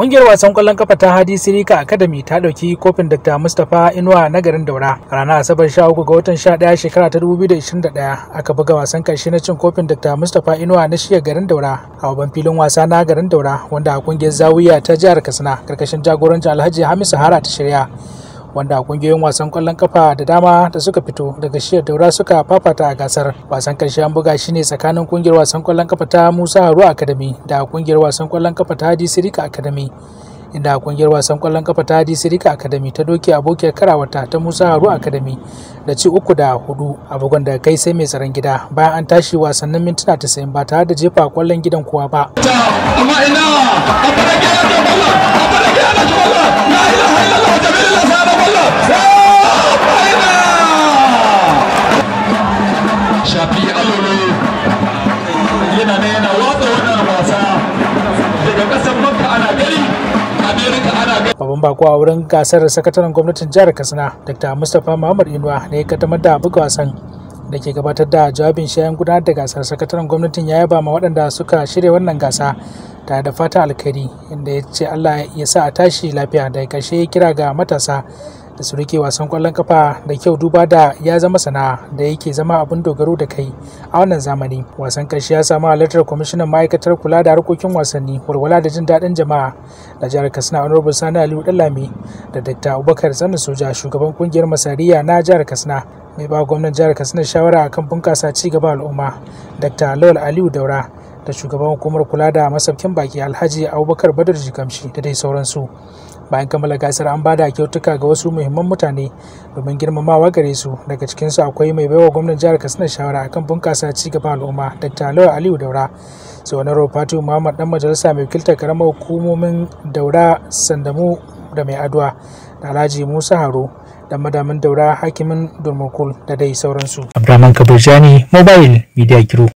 Ƙungiyar wasan ƙwallon kafa ta Hadi Sirika Academy ta ɗauki kofin Dr. Mustapha Inuwa na garin Daura. ranar Asabar 13 ga watan 11 shekara ta 2021 aka buga wasan ƙarshe na cin kofin Dr. Mustapha Inuwa na shiya garin Daura a babban filin wasa na garin Daura wanda ƙungiyar Zawiya ta jihar Katsina karkashin jagorancin Alhaji Hamisu Hara ta shirya. wanda kungiyoyin wasan kwallon kafa da dama da suka fito daga shiyar daura suka fafata a gasar wasan karshe an buga shi ne tsakanin kungiyar wasan kwallon kafa ta musa haru academy da kungiyar wasan kwallon kafa ta hadi sirika academy inda kungiyar wasan kwallon kafa ta hadi sirika academy ta doke abokiyar karawata ta musa haru academy da ci uku da hudu a bugun da kai sai mai tsaron gida bayan an tashi wasannin mintuna 90 ba tare da jefa kwallon gidan kuwa ba. shafi alolo yana na yana wannan wasa daga makka ana gari bako a wurin gasar sakataren gwamnatin jihar katsina dr mustapha muhammad inuwa ne ya kaddamar da buga wasan da ke gabatar da jawabin shayan gudanar da gasar sakataren gwamnatin ya yaba ma waɗanda suka shirya wannan gasa tare da fatan alkhairi inda ya ce allah ya sa a tashi lafiya da ya kashe kira ga matasa da su rike wasan kwallon kafa da kyau duba da ya zama sana'a da yake zama abin dogaro da kai a wannan zamani wasan karshe ya samu halartar kwamishinan ma'aikatar kula da harkokin wasanni walwala da jin daɗin jama'a da jihar katsina honorable sani aliyu dalami da dr abubakar sani soja shugaban kungiyar masariya na jihar katsina mai ba gwamnan jihar katsina shawara akan bunkasa ci gaban al'umma dr lawal aliyu daura da shugaban hukumar kula da masaukin baki alhaji abubakar badar jikamshi da dai sauransu bayan kammala gasar an bada kyautuka ga wasu muhimman mutane domin girmamawa gare su daga cikinsu akwai mai baiwa gwamnan jihar katsina shawara akan bunkasa ci gaban al'umma dr lawa aliyu daura tsohonar fatu muhammad dan majalisa mai wakiltar karamar hukumomin daura sandamu da mai adwa da alhaji musa haro da madamin daura hakimin durmukul da dai sauransu abdulrahman jani mobile media group